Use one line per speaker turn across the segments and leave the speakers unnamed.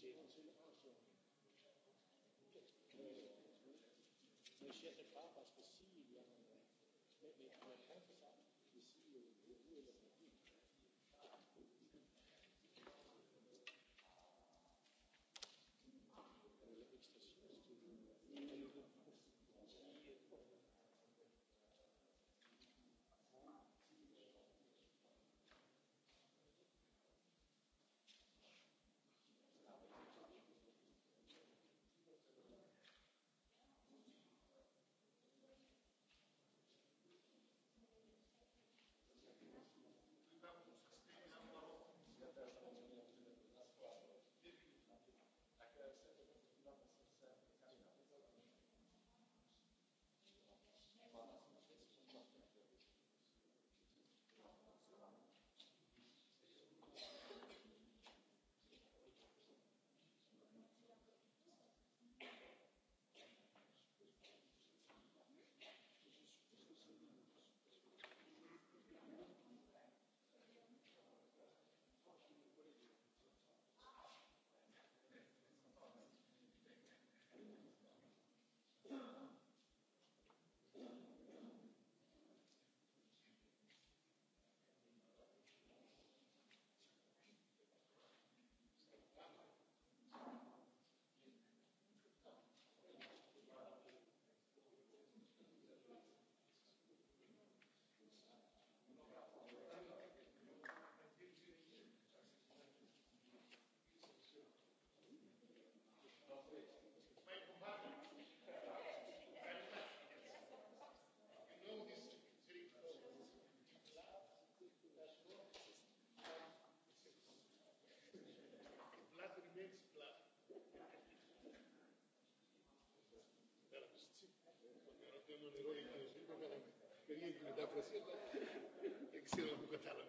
Thank you. E Excelent bucătară.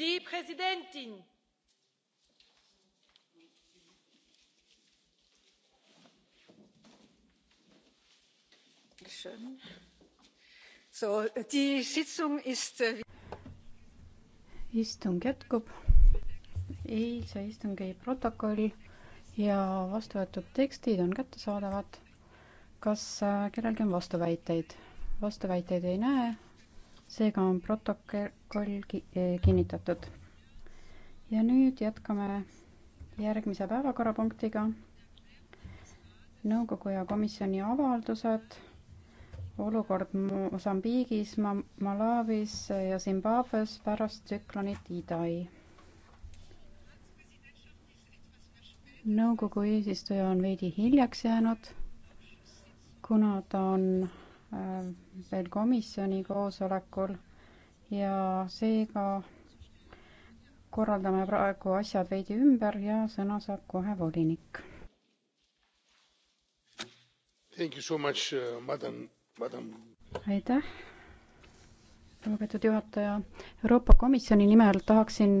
die präsidentin! So, die sitzung ist. Äh, istung jätkub. eilse istungi protokoll ja vastu võetud tekstid on kättesaadavad. kas äh, kellelgi on vastuväiteid? vastuväiteid ei näe seega on protokoll eh, kinnitatud. ja nüüd jätkame järgmise päevakorrapunktiga. nõukogu ja komisjoni avaldused, olukord Mosambiigis, Malawis ja Zimbabwes pärast tsüklonit Idai. nõukogu eesistuja on veidi hiljaks jäänud, kuna ta on Äh, veel komisjoni koosolekul ja seega korraldame praegu asjad veidi ümber ja sõna saab kohe volinik. Uh, aitäh, lugupeetud juhataja. Euroopa Komisjoni nimel tahaksin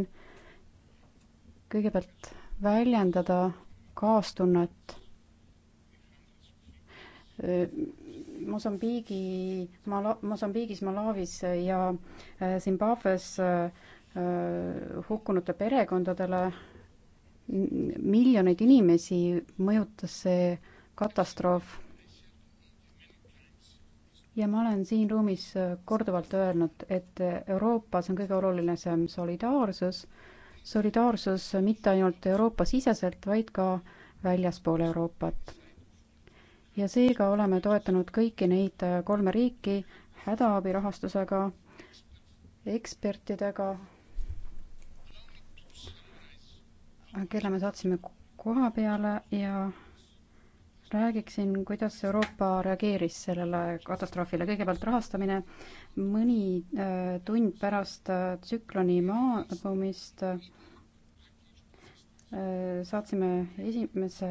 kõigepealt väljendada kaastunnet äh, Mosambiigi, Mala-, Mosambiigis, Malawis ja äh, Zimbabwes äh, hukkunute perekondadele. miljoneid inimesi mõjutas see katastroof. ja ma olen siin ruumis äh, korduvalt öelnud, et Euroopas on kõige olulisem solidaarsus, solidaarsus mitte ainult Euroopa siseselt, vaid ka väljaspool Euroopat ja seega oleme toetanud kõiki neid äh, kolme riiki hädaabirahastusega, ekspertidega, kelle me saatsime koha peale ja räägiksin, kuidas Euroopa reageeris sellele katastroofile. kõigepealt rahastamine. mõni äh, tund pärast äh, tsükloni maabumist äh, saatsime esimese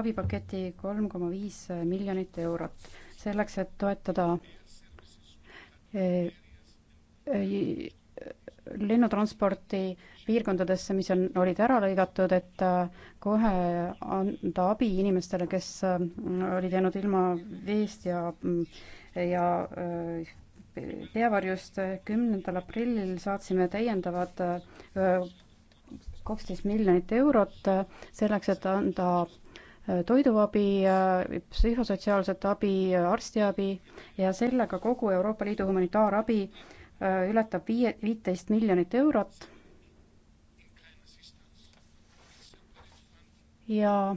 abipaketi kolm koma viis miljonit eurot selleks, et toetada e, e, lennutransporti piirkondadesse, mis on, olid ära lõigatud, et e, kohe anda abi inimestele, kes olid jäänud ilma veest ja, ja peavarjust. kümnendal aprillil saatsime täiendavad kaksteist miljonit eurot selleks, et anda äh, toiduabi, äh, psühhosotsiaalset abi, arstiabi ja sellega kogu Euroopa Liidu humanitaarabi äh, ületab viie, viiteist miljonit eurot. ja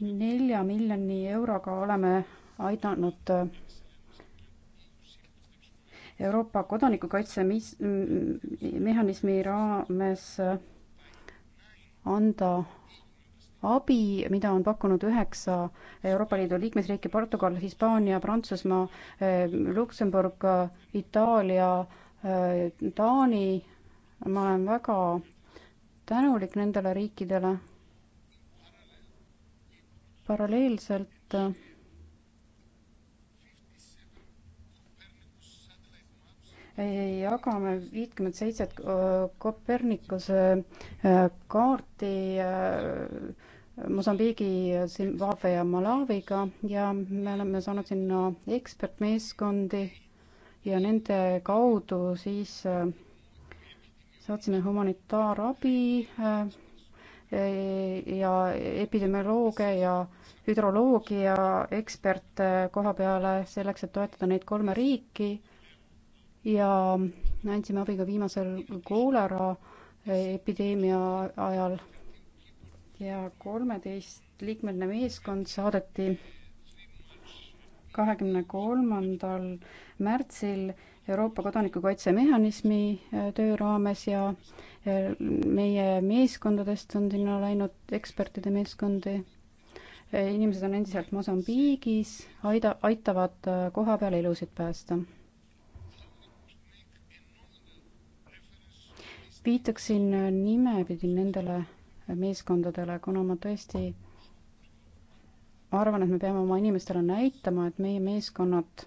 nelja miljoni euroga oleme aidanud Euroopa kodanikukaitse mis-, mehhanismi raames anda abi, mida on pakkunud üheksa Euroopa Liidu liikmesriiki, Portugal, Hispaania, Prantsusmaa, eh, Luksemburg, Itaalia, eh, Taani, ma olen väga tänulik nendele riikidele. paralleelselt jagame viitkümmet seitset Kopernikuse äh, kaarti äh, Mosambiigi, Zimbabwe ja Malawiga ja me oleme saanud sinna ekspertmeeskondi ja nende kaudu siis äh, saatsime humanitaarabi ja epidemioloogia ja hüdroloogia eksperte koha peale selleks, et toetada neid kolme riiki ja andsime abi ka viimasel koolera epideemia ajal ja kolmeteistliikmeline meeskond saadeti kahekümne kolmandal märtsil Euroopa kodanikukaitsemehhanismi äh, töö raames ja äh, meie meeskondadest on sinna läinud ekspertide meeskondi. Äh, inimesed on endiselt Mosambiigis, aida, aitavad kohapeal elusid päästa viitaksin nimepidi nendele meeskondadele, kuna ma tõesti arvan, et me peame oma inimestele näitama, et meie meeskonnad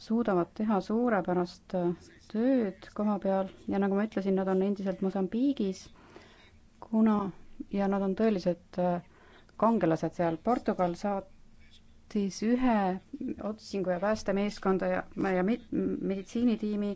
suudavad teha suurepärast tööd koha peal ja nagu ma ütlesin, nad on endiselt Mosambiigis, kuna ja nad on tõelised äh, kangelased seal. Portugal saatis ühe otsingu- ja päästemeeskonda ja, ja meditsiinitiimi